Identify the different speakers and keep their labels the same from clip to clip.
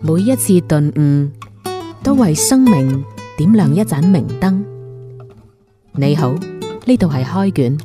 Speaker 1: 每一次頓悟，都為生命點亮一盞明燈。你好，呢度係開卷，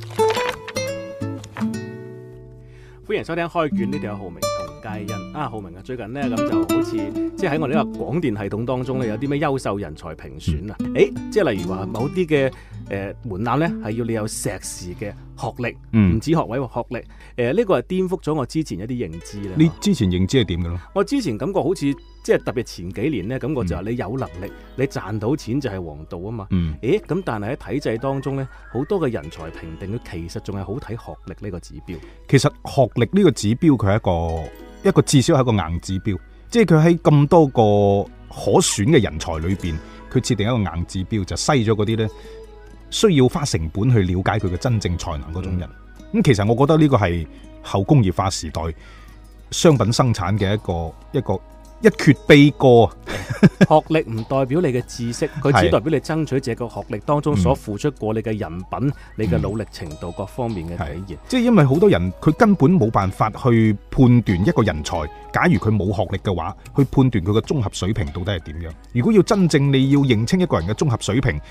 Speaker 1: 歡迎收聽開卷，呢度有號明。皆人，啊，浩明啊，最近咧咁就好似即係喺我哋呢個廣電系統當中咧，有啲咩優秀人才評選啊？誒、嗯，即係例如話某啲嘅誒門檻咧，係要你有碩士嘅學歷，唔、嗯、止學位學歷。誒、呃、呢、這個係顛覆咗我之前一啲認知啦。你
Speaker 2: 之前認知係點嘅咯？
Speaker 1: 我之前感覺好似即係特別前幾年咧，感覺就係你有能力、嗯，你賺到錢就係王道啊嘛。嗯。咁，但係喺體制當中咧，好多嘅人才評定，其實仲係好睇學歷呢個指標。
Speaker 2: 其實學歷呢個指標，佢係一個。一個至少係一個硬指標，即係佢喺咁多個可選嘅人才裏邊，佢設定一個硬指標，就篩咗嗰啲呢，需要花成本去了解佢嘅真正才能嗰種人。咁、嗯、其實我覺得呢個係後工業化時代商品生產嘅一個一個。一個一缺悲歌，學歷唔代表你嘅知識，佢只代
Speaker 1: 表你爭取這個學歷當中所付出過你嘅人品、嗯、你嘅努力程度、嗯、各方面嘅
Speaker 2: 體驗。即係、就是、因為好多人佢根本冇辦法去判斷一個人才，假如佢冇學歷嘅話，去判斷佢嘅綜合水平到底係點樣。如果要真正你要認清一個人嘅綜合水平，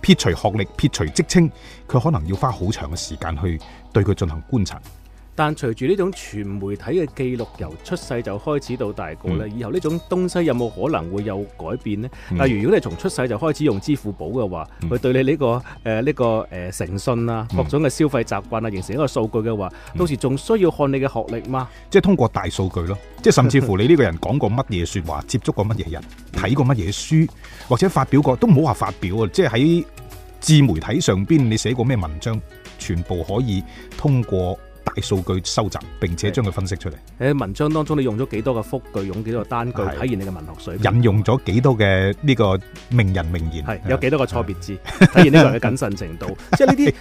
Speaker 2: 撇除學歷、撇除職稱，佢可能要花好長嘅時間去對佢進行觀察。
Speaker 1: 但隨住呢種傳媒體嘅記錄，由出世就開始到大個咧，以後呢種東西有冇可能會有改變呢？嗯、例如，如果你從出世就開始用支付寶嘅話，佢、嗯、對你呢、這個誒呢、呃這個誒誠信啊、各、嗯、種嘅消費習慣啊，
Speaker 2: 形成一個數據嘅話、嗯，到時仲需要看你嘅學歷嗎？即係通過大數據咯，即係甚至乎你呢個人講過乜嘢説話、 接觸過乜嘢人、睇過乜嘢書，或者發表過都唔好話發表，即係喺自媒體上邊你寫過咩文章，全部可以通過。大數據收集，並且將佢分析出嚟。
Speaker 1: 喺文章當中，你用咗幾多個複句，用幾多個單句，體現你嘅文學水平。引
Speaker 2: 用咗幾多嘅呢個名人名言，
Speaker 1: 係有幾多個錯別字，體現呢個嘅謹慎程度。 即係呢啲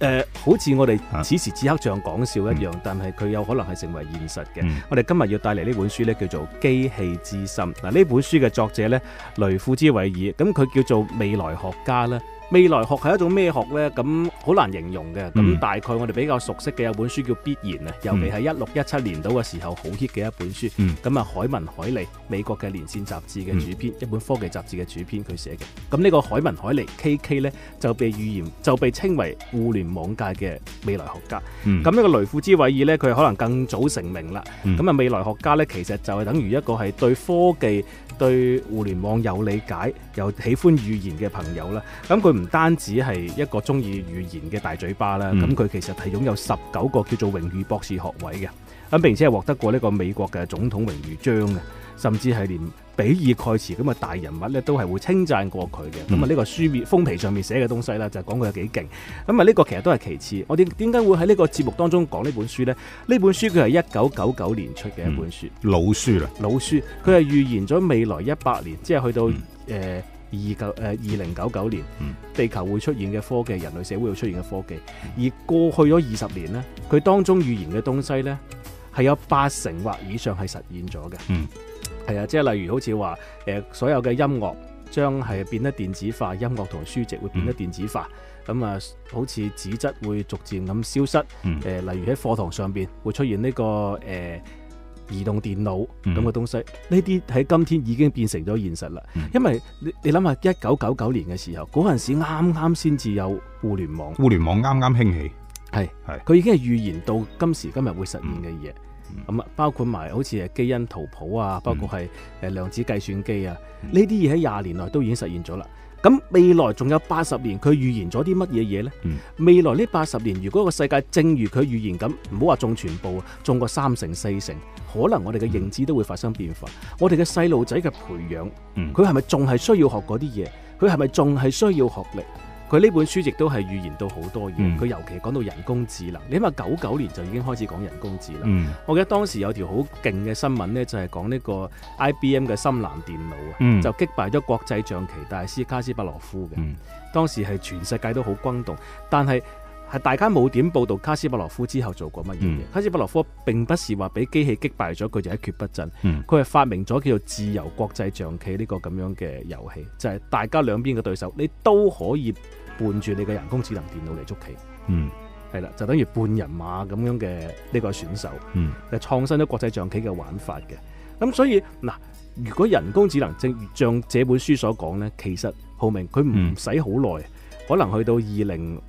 Speaker 1: 誒，好似我哋此時此刻像講笑一樣，嗯、但係佢有可能係成為現實嘅、嗯。我哋今日要帶嚟呢本書呢，叫做《機器之心》。嗱、啊，呢本書嘅作者呢，雷庫茲韋爾，咁佢叫做未來學家呢。未來學係一種咩學呢？咁好難形容嘅。咁大概我哋比較熟悉嘅有本書叫《必然》啊、嗯，尤其係一六一七年到嘅時候好 hit 嘅一本書。咁、嗯、啊，凱文凱利美國嘅連線雜誌嘅主編、嗯，一本科技雜誌嘅主編佢寫嘅。咁呢個凱文凱利 KK 呢，就被預言就被稱為互聯網界嘅未來學家。咁、嗯、呢個雷庫茲韋爾呢，佢可能更早成名啦。咁、嗯、啊，未來學家呢，其實就係等於一個係對科技、對互聯網有理解又喜歡預言嘅朋友啦。咁佢，唔單止係一個中意語言嘅大嘴巴啦，咁、嗯、佢其實係擁有十九個叫做榮譽博士學位嘅，咁並且係獲得過呢個美國嘅總統榮譽章嘅，甚至係連比爾蓋茨咁嘅大人物咧都係會稱讚過佢嘅。咁啊，呢個書面封皮上面寫嘅東西啦，就係講佢有幾勁。咁啊，呢個其實都係其次，我哋點解會喺呢個節目當中講呢本書呢？呢本書佢係一九九九年出嘅一本書，嗯、
Speaker 2: 老書啦，
Speaker 1: 老書，佢係預言咗未來一百年，嗯、即係去到誒。嗯呃二九誒二零九九年，地球會出現嘅科技，人類社會會出現嘅科技，而過去咗二十年呢，佢當中預言嘅東西呢，係有八成或以上係實現咗嘅。嗯，係啊，即係例如好似話誒，所有嘅音樂將係變得電子化，音樂同書籍會變得電子化，咁啊，好似紙質會逐漸咁消失。誒、嗯呃，例如喺課堂上邊會出現呢、這個誒。呃移動電腦咁嘅東西，呢啲喺今天已經變成咗現實啦、嗯。因為你你諗下一九九九年嘅時候，嗰陣時啱啱先至有互聯網，互聯網啱啱興起，係係佢已經係預言到今時今日會實現嘅嘢，咁、嗯、啊、嗯、包括埋好似係基因圖譜啊，包括係誒量子計算機啊，呢啲嘢喺廿年內都已經實現咗啦。咁未來仲有八十年，佢預言咗啲乜嘢嘢呢？嗯、未來呢八十年，如果個世界正如佢預言咁，唔好話中全部，中個三成四成，可能我哋嘅認知都會發生變化。嗯、我哋嘅細路仔嘅培養，佢係咪仲係需要學嗰啲嘢？佢係咪仲係需要學歷？佢呢本書亦都係預言到好多嘢，佢、嗯、尤其講到人工智能，你諗下九九年就已經開始講人工智能、嗯，我記得當時有條好勁嘅新聞呢，就係講呢個 IBM 嘅深藍電腦啊、嗯，就擊敗咗國際象棋大師卡斯帕洛夫嘅、嗯，當時係全世界都好轟動，但係，係大家冇點報導卡斯伯洛夫之後做過乜嘢、嗯？卡斯伯洛夫並不是話俾機器擊敗咗佢就一蹶不振，佢、嗯、係發明咗叫做自由國際象棋呢個咁樣嘅遊戲，就係、是、大家兩邊嘅對手，你都可以伴住你嘅人工智能電腦嚟捉棋。嗯，係啦，就等於半人馬咁樣嘅呢個選手，就、嗯、創新咗國際象棋嘅玩法嘅。咁所以嗱，如果人工智能正如像這本書所講呢，其實後面佢唔使好耐，可能去到二零，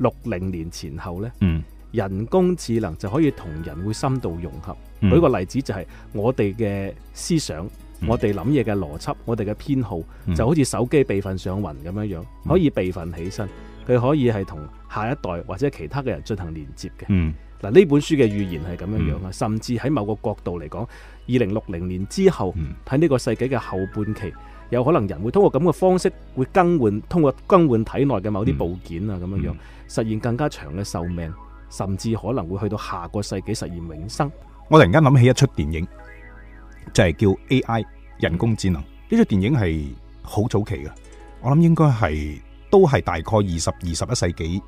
Speaker 1: 六零年前後呢、嗯，人工智能就可以同人會深度融合。嗯、舉個例子就係我哋嘅思想，嗯、我哋諗嘢嘅邏輯，我哋嘅偏好，就好似手機備份上雲咁樣樣可以備份起身，佢可以係同下一代或者其他嘅人進行連接嘅。嗯嗱呢本書嘅預言係咁樣樣啊、嗯，甚至喺某個角度嚟講，二零六零年之後，喺、嗯、呢個世紀嘅後半期，有可能人會通過咁嘅方式，會更換通過更換體內嘅某啲部件啊，咁、嗯、樣樣實現更加長嘅壽命，
Speaker 2: 甚至可能會去到下個世紀實現永生。我突然間諗起一出電影，就係、是、叫 A I 人工智能呢出、嗯、電影係好早期嘅，我諗應該係都係大概二十二十一世紀，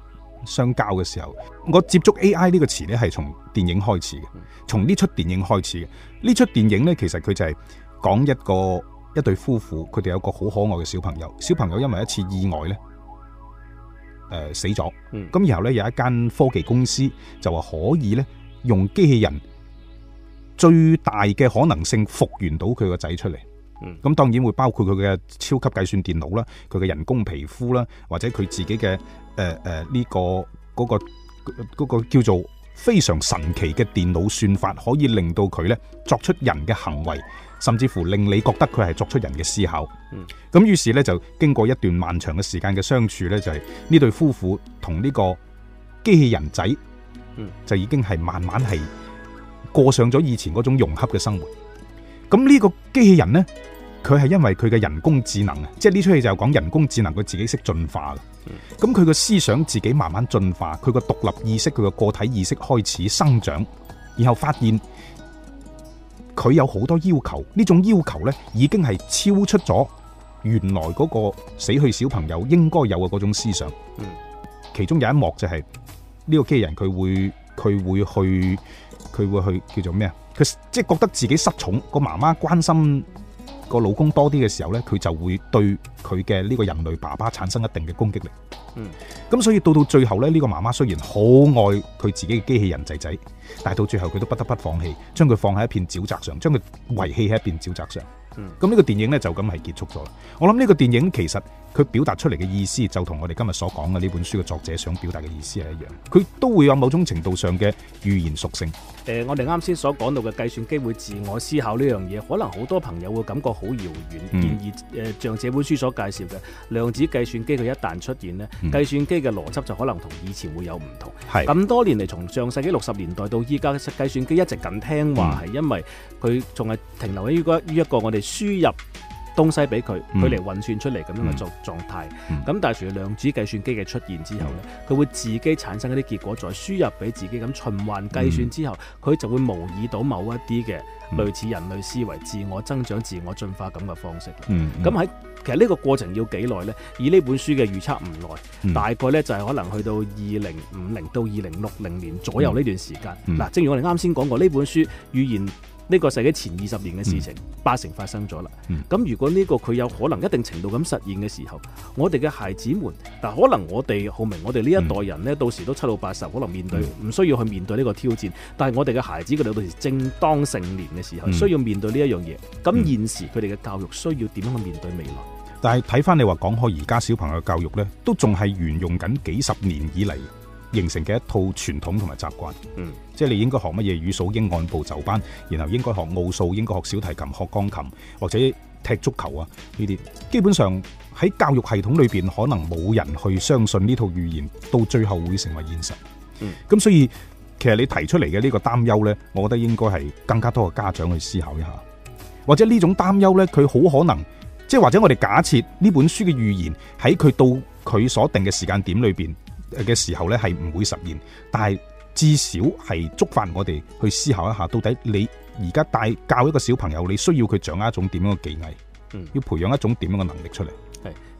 Speaker 2: 相交嘅時候，我接觸 AI 呢個詞呢係從電影開始嘅，從呢齣電影開始嘅，呢齣電影呢，其實佢就係講一個一對夫婦，佢哋有個好可愛嘅小朋友，小朋友因為一次意外呢誒、呃、死咗，咁然後呢有一間科技公司就話可以呢用機器人最大嘅可能性復原到佢個仔出嚟。咁當然會包括佢嘅超級計算電腦啦，佢嘅人工皮膚啦，或者佢自己嘅誒誒呢個嗰個嗰個叫做非常神奇嘅電腦算法，可以令到佢呢作出人嘅行為，甚至乎令你覺得佢係作出人嘅思考。咁於是呢，就經過一段漫長嘅時間嘅相處呢，就係呢對夫婦同呢個機器人仔，就已經係慢慢係過上咗以前嗰種融洽嘅生活。咁呢個機器人呢，佢係因為佢嘅人工智能啊，即係呢出戲就講、是、人工智能佢自己識進化啦。咁佢個思想自己慢慢進化，佢個獨立意識、佢個個體意識開始生長，然後發現佢有好多要求，呢種要求呢，已經係超出咗原來嗰個死去小朋友應該有嘅嗰種思想。其中有一幕就係呢個機器人佢會。佢會去，佢會去叫做咩啊？佢即係覺得自己失寵，個媽媽關心個老公多啲嘅時候呢，佢就會對佢嘅呢個人類爸爸產生一定嘅攻擊力。嗯，咁所以到到最後呢，呢、呢個媽媽雖然好愛佢自己嘅機器人仔仔，但係到最後佢都不得不放棄，將佢放喺一片沼澤上，將佢遺棄喺一片沼澤上。咁、嗯、呢個電影呢，就咁係結束咗啦。我諗呢個電影其實佢表達出嚟嘅意思就同我哋今日所講嘅呢本書嘅作者想表達嘅意思係一樣，佢都會有某種程度上嘅預言屬性。
Speaker 1: 誒、呃，我哋啱先所講到嘅計算機會自我思考呢樣嘢，可能好多朋友會感覺好遙遠。而、嗯、誒、呃，像這本書所介紹嘅量子計算機，佢一旦出現呢，計、嗯、算機嘅邏輯就可能同以前會有唔同。咁多年嚟，從上世紀六十年代到依家，計算機一直咁聽話，係因為佢仲係停留喺於一個我哋。輸入東西俾佢，佢、嗯、嚟運算出嚟咁樣嘅狀、嗯、狀態。咁、嗯、但係，隨住量子計算機嘅出現之後呢，佢、嗯、會自己產生一啲結果，再輸入俾自己咁循環計算之後，佢、嗯、就會模擬到某一啲嘅類似人類思維、嗯、自我增長、自我進化咁嘅方式。咁、嗯、喺、嗯其實呢個過程要幾耐呢？以呢本書嘅預測唔耐、嗯，大概呢就係、是、可能去到二零五零到二零六零年左右呢、嗯、段時間。嗱、嗯，正如我哋啱先講過，呢本書預言呢個世紀前二十年嘅事情、嗯，八成發生咗啦。咁、嗯、如果呢個佢有可能一定程度咁實現嘅時候，我哋嘅孩子們，嗱，可能我哋浩明，我哋呢一代人呢，嗯、到時都七老八十，可能面對唔、嗯、需要去面對呢個挑戰。但係我哋嘅孩子佢哋到時正當成年嘅時候、嗯，需要面對呢一樣嘢。咁、嗯、現時佢哋嘅教育需要點樣去面對未來？
Speaker 2: 但係睇翻你話，講開而家小朋友嘅教育呢，都仲係沿用緊幾十年以嚟形成嘅一套傳統同埋習慣。嗯，即係你應該學乜嘢語數英，按部就班，然後應該學奧數，應該學小提琴、學鋼琴或者踢足球啊呢啲。基本上喺教育系統裏邊，可能冇人去相信呢套預言到最後會成為現實。嗯，咁所以其實你提出嚟嘅呢個擔憂呢，我覺得應該係更加多嘅家長去思考一下，或者呢種擔憂呢，佢好可能。即或者我哋假設呢本書嘅預言喺佢到佢所定嘅時間點裏邊嘅時候呢，係唔會實現，但係至少係觸發我哋去思考一下，到底你而家帶教一個小朋友，你需要佢掌握一種點樣嘅技藝，要培養一種點樣嘅能力出嚟。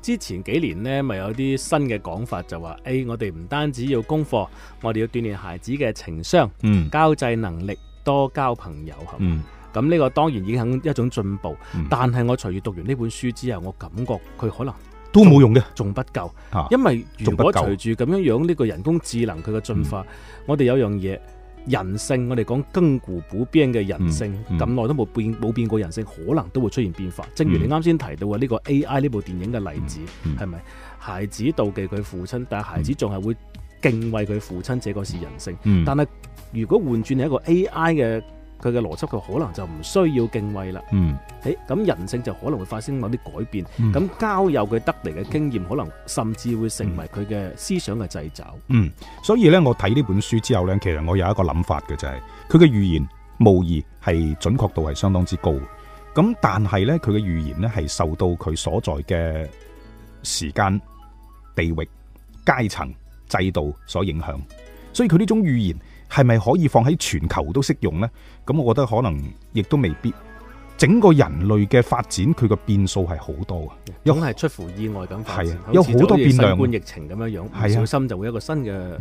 Speaker 1: 之前幾年呢，咪有啲新嘅講法，就話 A，我哋唔單止要功課，我哋要鍛煉孩子嘅情商、交際能力、多交朋友，係咁呢個當然已經係一種進步，但係我隨住讀完呢本書之後，我感覺佢可能都冇用嘅，仲不夠。因為如果隨住咁樣樣呢、這個人工智能佢嘅進化，嗯、我哋有樣嘢人性，我哋講根固普遍嘅人性，咁、嗯、耐、嗯、都冇變冇變過人性，可能都會出現變化。正如你啱先提到嘅呢、這個 A I 呢部電影嘅例子，係、嗯、咪、嗯？孩子妒忌佢父親，但係孩子仲係會敬畏佢父親，這個是人性。嗯、但係如果換轉係一個 A I 嘅。佢嘅邏輯，佢可能就唔需要敬畏啦。嗯，誒、哎，咁人性就可能會發生某啲改變。咁、嗯、交友佢得嚟嘅經驗，可能甚至會成為佢嘅思想嘅製造。
Speaker 2: 嗯，所以咧，我睇呢本書之後咧，其實我有一個諗法嘅就係、是，佢嘅預言無疑係準確度係相當之高嘅。咁但係咧，佢嘅預言咧係受到佢所在嘅時間、地域、階層、制度所影響，所以佢呢種預言。係咪可以放喺全球都適用咧？咁我覺得可能亦都未必。整個人類嘅發展，佢個變數係好多嘅，總係出乎意外咁發生。有好多變量，疫
Speaker 1: 情咁樣樣，唔小心就會有一個新嘅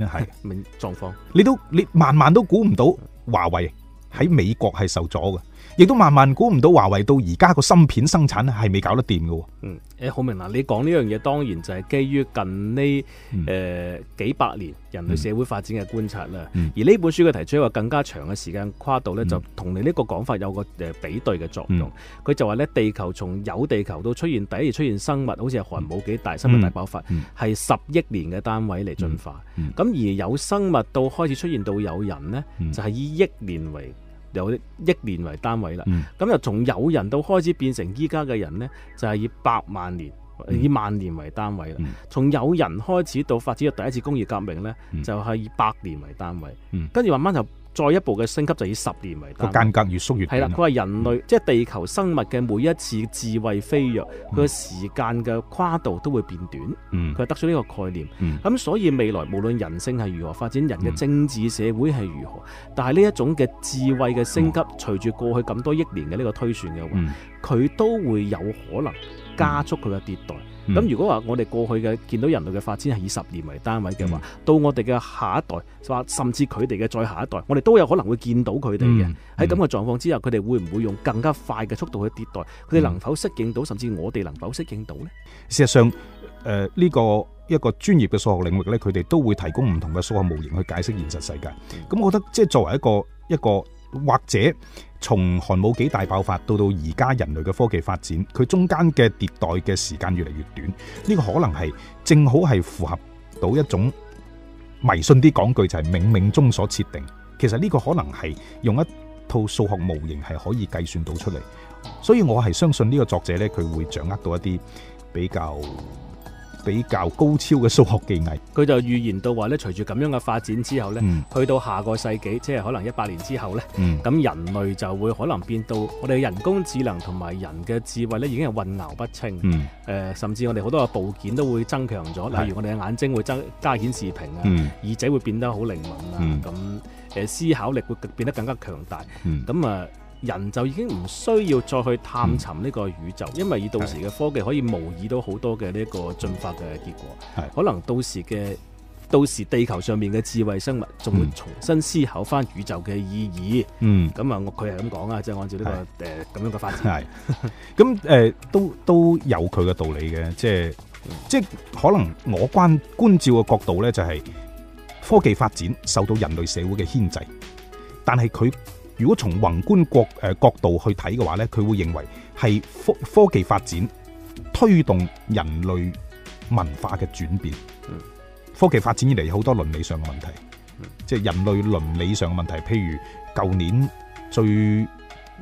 Speaker 1: 狀況。
Speaker 2: 你都你萬萬都估唔到，華為喺美國係受阻嘅。亦都慢慢估唔到華為到而家個芯片生產咧，係未搞得掂嘅。嗯，
Speaker 1: 誒、欸，好明啦，你講呢樣嘢當然就係基於近呢誒、嗯呃、幾百年人類社會發展嘅觀察啦、嗯。而呢本書佢提出一個更加長嘅時間跨度咧，就同你呢個講法有個誒比對嘅作用。佢、嗯、就話咧，地球從有地球到出現第一而出現生物，好似係寒武紀大生物大爆發，係、嗯、十億年嘅單位嚟進化。咁、嗯嗯、而有生物到開始出現到有人呢、嗯，就係、是、以億年為。有億年為單位啦，咁、嗯、就從有人到開始變成依家嘅人呢，就係、是、以百萬年、嗯、以萬年為單位啦、嗯。從有人開始到發展到第一次工業革命呢，嗯、就係、是、以百年為單位，跟、嗯、住慢慢就。再一步嘅升級就以十年為單位，間隔越縮越短了了。係啦，佢話人類、嗯、即係地球生物嘅每一次智慧飛躍，佢、嗯、嘅時間嘅跨度都會變短。佢、嗯、得出呢個概念。咁、嗯、所以未來無論人性係如何發展，人嘅政治社會係如何，嗯、但係呢一種嘅智慧嘅升級，嗯、隨住過去咁多億年嘅呢個推算嘅話，佢、嗯、都會有可能加速佢嘅迭代。嗯嗯咁、嗯、如果話我哋過去嘅見到人類嘅發展係以十年為單位嘅話、嗯，到我哋嘅下一代，話甚至佢哋嘅再下一代，我哋都有可能會見到佢哋嘅，喺咁嘅狀況之下，佢哋會唔會用更加快嘅速度去迭代？佢哋能否適應到，甚至我哋能否適應到呢？
Speaker 2: 事實上，誒、呃、呢、這個一個專業嘅數學領域呢，佢哋都會提供唔同嘅數學模型去解釋現實世界。咁我覺得即係作為一個一個。或者從寒武紀大爆發到到而家人類嘅科技發展，佢中間嘅迭代嘅時間越嚟越短，呢個可能係正好係符合到一種，迷信啲講句就係冥冥中所設定。其實呢個可能係用一套數學模型係可以計算到出嚟，所以我係相信呢個作者呢，佢會掌握到一啲比較。比較高超嘅數學技藝，佢就預言到話咧，
Speaker 1: 隨住咁樣嘅發展之後咧、嗯，去到下個世紀，即係可能一百年之後咧，咁、嗯、人類就會可能變到我哋人工智能同埋人嘅智慧咧已經係混淆不清。誒、嗯呃，甚至我哋好多嘅部件都會增強咗、嗯，例如我哋嘅眼睛會增加顯示屏啊，耳仔會變得好靈敏、嗯、啊，咁誒思考力會變得更加強大。咁、嗯、啊～、嗯人就已經唔需要再去探尋呢個宇宙、嗯，因為以到時嘅科技可以模擬到好多嘅呢個進化嘅結果。係、嗯，可能到時嘅到時地球上面嘅智慧生物仲會重新思考翻宇宙嘅意義。嗯，咁啊，佢係咁講啊，即係按照呢、這個誒咁、嗯呃、樣嘅
Speaker 2: 發展。係，咁誒、 呃、都都有佢嘅道理嘅，即係、嗯、即係可能我關觀照嘅角度咧，就係、是、科技發展受到人類社會嘅牽制，但係佢。如果從宏觀角度去睇嘅話呢，佢會認為係科科技發展推動人類文化嘅轉變，嗯。科技發展以嚟有好多倫理上嘅問題，嗯、即係人類倫理上嘅問題，譬如舊年最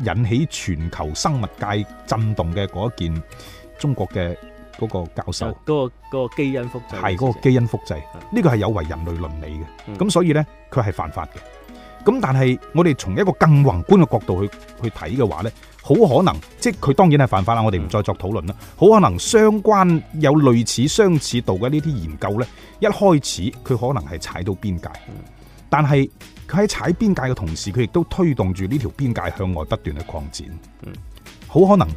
Speaker 2: 引起全球生物界震動嘅嗰一件，中國嘅嗰個教授，嗰、啊那個那
Speaker 1: 個基因複製，係嗰、
Speaker 2: 那個、基因複製，呢、嗯這個係有違人類倫理嘅，咁、嗯、所以呢，佢係犯法嘅。咁但係我哋從一個更宏觀嘅角度去去睇嘅話呢，好可能即係佢當然係犯法啦，我哋唔再作討論啦。好可能相關有類似相似度嘅呢啲研究呢，一開始佢可能係踩到邊界，但係佢喺踩邊界嘅同時，佢亦都推動住呢條邊界向外不斷去擴展。好可能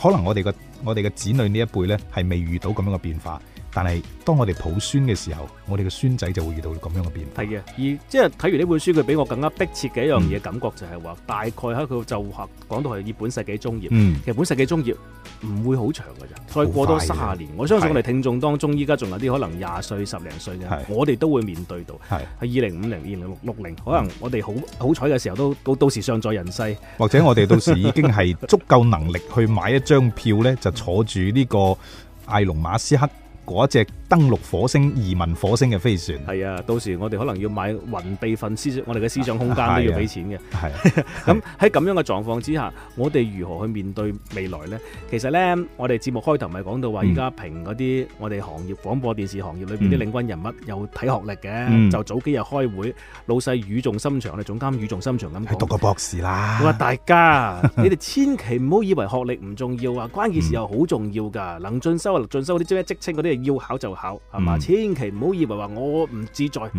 Speaker 2: 可能我哋嘅我哋嘅子女呢一輩呢，係未遇到咁樣嘅變化。但係，當我哋抱孫嘅時候，我哋嘅孫仔就會遇到咁樣嘅變
Speaker 1: 化。係嘅，而即係睇完呢本書，佢比我更加迫切嘅一樣嘢，感覺就係話、嗯、大概喺佢就話講到係二本世紀中葉。日、嗯、本世紀中葉唔會好長㗎，咋再過多三十年的。我相信我哋聽眾當中，依家仲有啲可能廿歲、十零歲嘅，我哋都會面對到係二零五零、二零六零。2050, 2060, 可能我哋好好彩嘅時候，都到到時尚在人世，嗯、或者我哋到時已經係
Speaker 2: 足夠能力去買一張票呢，就坐住呢個艾隆馬斯克。嗰隻登陸火星移民火星嘅飛船，係啊！到時我哋可能要買雲備份思，
Speaker 1: 我哋嘅思想空間都要俾錢嘅。係咁，喺咁樣嘅狀況之下，我哋如何去面對未來呢？其實呢，我哋節目開頭咪講到話，依家憑嗰啲我哋行業、嗯、廣播電視行業裏邊啲領軍人物、嗯，又睇學歷嘅、嗯，就早幾日開會，老細語重心長，我哋總監語重心長咁，去讀個博士啦，佢話大家， 你哋千祈唔好以為學歷唔重要啊，關鍵時候好重要㗎、嗯，能進修啊，能進修嗰啲職職稱嗰啲要考就考，係嘛、嗯？千祈唔好以為話我唔自在，係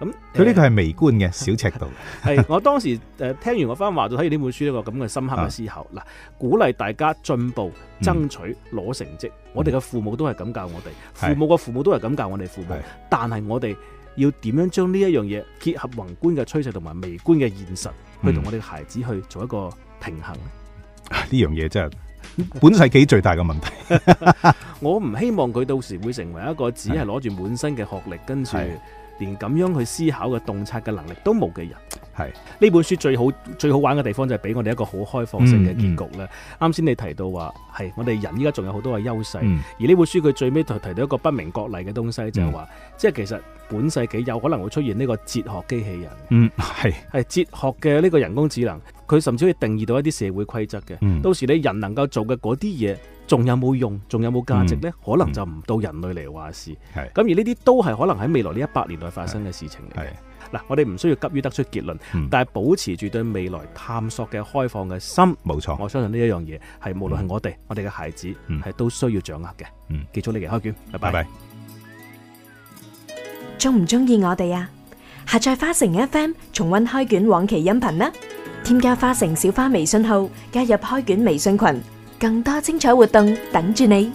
Speaker 1: 咁佢呢個係
Speaker 2: 微觀嘅、嗯、小尺度。係 是
Speaker 1: 我當時誒聽完我番話就睇完呢本書一個咁嘅深刻嘅思考。嗱、啊呃，鼓勵大家進步，爭取攞、嗯、成績。我哋嘅父母都係咁教我哋、嗯，父母嘅父母都係咁教我哋父母。但係我哋要點樣將呢一樣嘢結合宏觀嘅趨勢同埋微觀嘅現實，嗯、去同我哋嘅孩子去做一個平衡
Speaker 2: 呢？呢樣嘢真係。 本世紀最大嘅問題 ，
Speaker 1: 我唔希望佢到時會成為一個只係攞住滿身嘅學歷，跟住連咁樣去思考嘅洞察嘅能力都冇嘅人。係呢本書最好最好玩嘅地方就係俾我哋一個好開放性嘅結局啦。啱、嗯、先、嗯、你提到話係我哋人依家仲有好多嘅優勢，嗯、而呢本書佢最尾提到一個不明國例嘅東西，就係、是、話、嗯、即係其實本世紀有可能會出現呢個哲學機器人。嗯，係哲學嘅呢個人工智能，佢甚至可以定義到一啲社會規則嘅、嗯。到時你人能夠做嘅嗰啲嘢，仲有冇用？仲有冇價值呢？嗯、可能就唔到人類嚟話事。係咁而呢啲都係可能喺未來呢一百年內發生嘅事情嚟。嗱，我哋唔需要急於得出結論，嗯、但係保持住對未來探索嘅開放嘅心，冇錯。我相信呢一樣嘢係無論係我哋，嗯、我哋嘅孩子係、嗯、都需要掌握嘅。嗯，結束呢期開卷，拜拜，拜，拜。
Speaker 2: 中唔中意我哋啊？下載花城 FM 重溫開卷往期音頻啦！添加花城小花微信號，加入開卷微信群，更多精彩活動等住你。